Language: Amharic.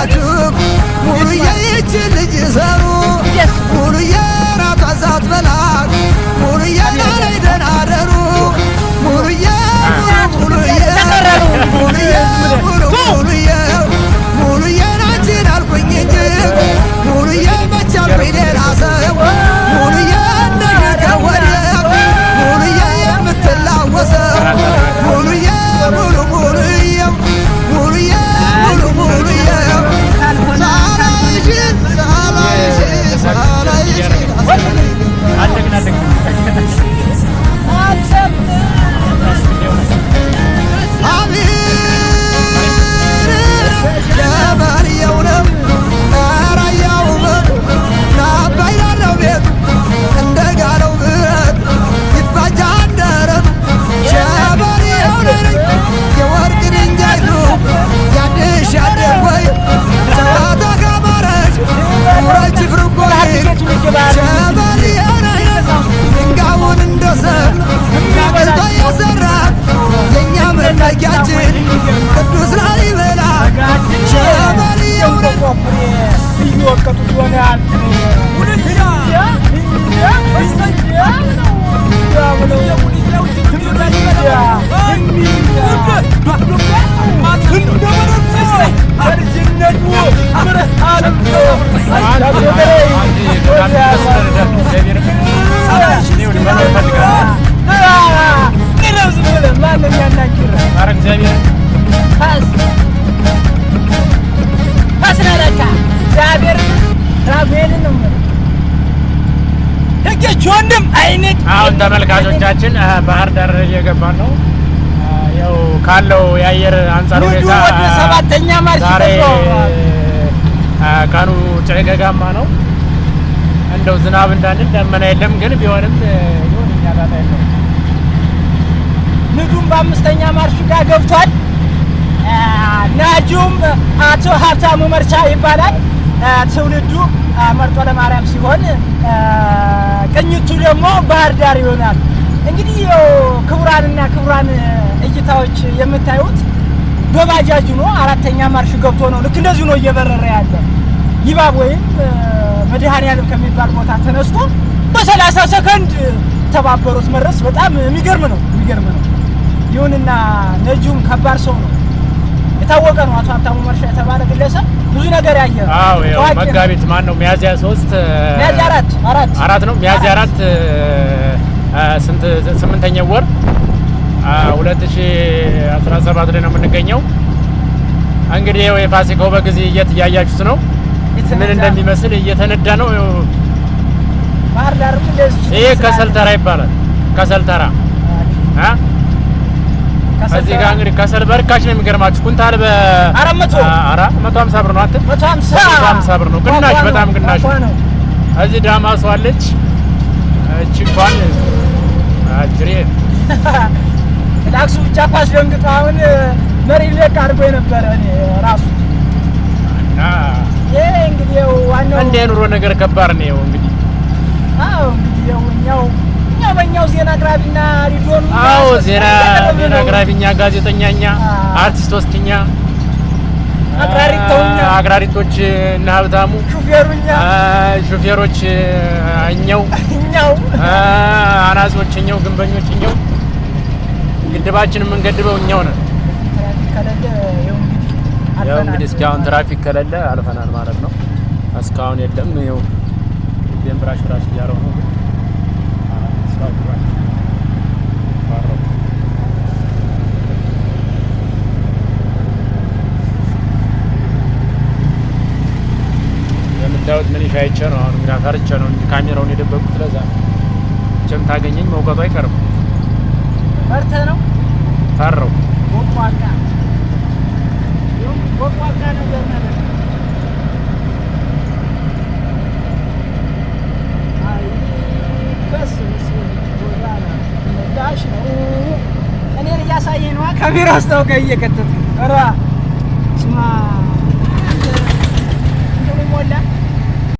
አላውቅም ሙሉ የይችን ልጅ ሰሩ አሁን ተመልካቾቻችን ባህር ዳር እየገባን ነው። ያው ካለው የአየር አንጻር ሁኔታ ሰባተኛ ማርሽ ቀኑ ጭጋጋማ ነው። እንደው ዝናብ እንዳንል ደመና የለም ግን ቢሆንም ሆን እኛ ጣጣ የለም። ንዱም በአምስተኛ ማርሹ ጋር ገብቷል። እንዲሁም አቶ ሀብታሙ መርቻ ይባላል። ትውልዱ መርጦ ለማርያም ሲሆን ቅኝቱ ደግሞ ባህር ዳር ይሆናል። እንግዲህ ያው ክቡራንና ክቡራን እይታዎች የምታዩት በባጃጅ ሆኖ አራተኛ ማርሽ ገብቶ ነው። ልክ እንደዚሁ ነው እየበረረ ያለ ይባብ ወይም መድኃኔዓለም ከሚባል ቦታ ተነስቶ በሰላሳ ሰከንድ ተባበሩት መድረስ በጣም የሚገርም ነው የሚገርም ነው። ይሁንና ነጂውም ከባድ ሰው ነው። የታወቀ ነው። አቶ ሀብታሙ መርሻ የተባለ ግለሰብ ብዙ ነገር ያየ ነው። አዎ መጋቢት ማን ነው ሚያዚያ ሶስት ሚያዚያ አራት አራት አራት ነው ሚያዚያ አራት ስንት ስምንተኛው ወር 2017 ላይ ነው የምንገኘው። እንግዲህ ይኸው የፋሲካው እየት እያያችሁት ነው ምን እንደሚመስል እየተነዳ ነው። ባህር ዳር ይሄ ከሰል ተራ ይባላል። ከሰል ተራ አ እዚህ ጋር እንግዲህ ከሰል በርካሽ ነው። የሚገርማችሁ ኩንታል በአራት መቶ ሀምሳ ብር ነው። አንተ መቶ ሀምሳ ብር ነው። ግናሽ በጣም ግናሽ። እዚህ ዳማሷ አለች። እቺ እንኳን አጅሬ ላክሱ ብቻ ኳስ ደንግጦ አሁን መሪ ለቅ አድርጎ የነበረ እኔ ራሱ እንግዲህ ዋናው እንደ ኑሮ ነገር ከባድ ነው። እንግዲህ አዎ እንግዲህ ያው እኛው መደበኛው ዜና አቅራቢና ሪዶን አዎ፣ ዜና ዜና አቅራቢኛ፣ ጋዜጠኛኛ፣ አቅራሪቶኛ፣ አቅራሪቶች እና ሀብታሙ ሹፌሩኛ፣ ሹፌሮች እኛው እኛው፣ አናጺዎች እኛው፣ ግንበኞች እኛው፣ ግድባችን የምንገድበው እኛው ነን። ያው እንግዲህ እስካሁን ትራፊክ ከሌለ አልፈናል ማለት ነው። እስካሁን የለም። ይኸው ራሽ ነው የምታዩት cual. Barroco. አይቼ ነው አሁን እንግዲህ ፈርቼ ነው እንጂ ካሜራውን የደበቁት ለዛ ነው። መቼም ታገኘኝ መውቀቱ አይቀርም። ፈርተህ ነው ፈረው ቦቋቃ ነው እየሰራሽ ነው። እኔን እያሳየ ነዋ። ከቢሮ ውስጥ አውቀህ ስማ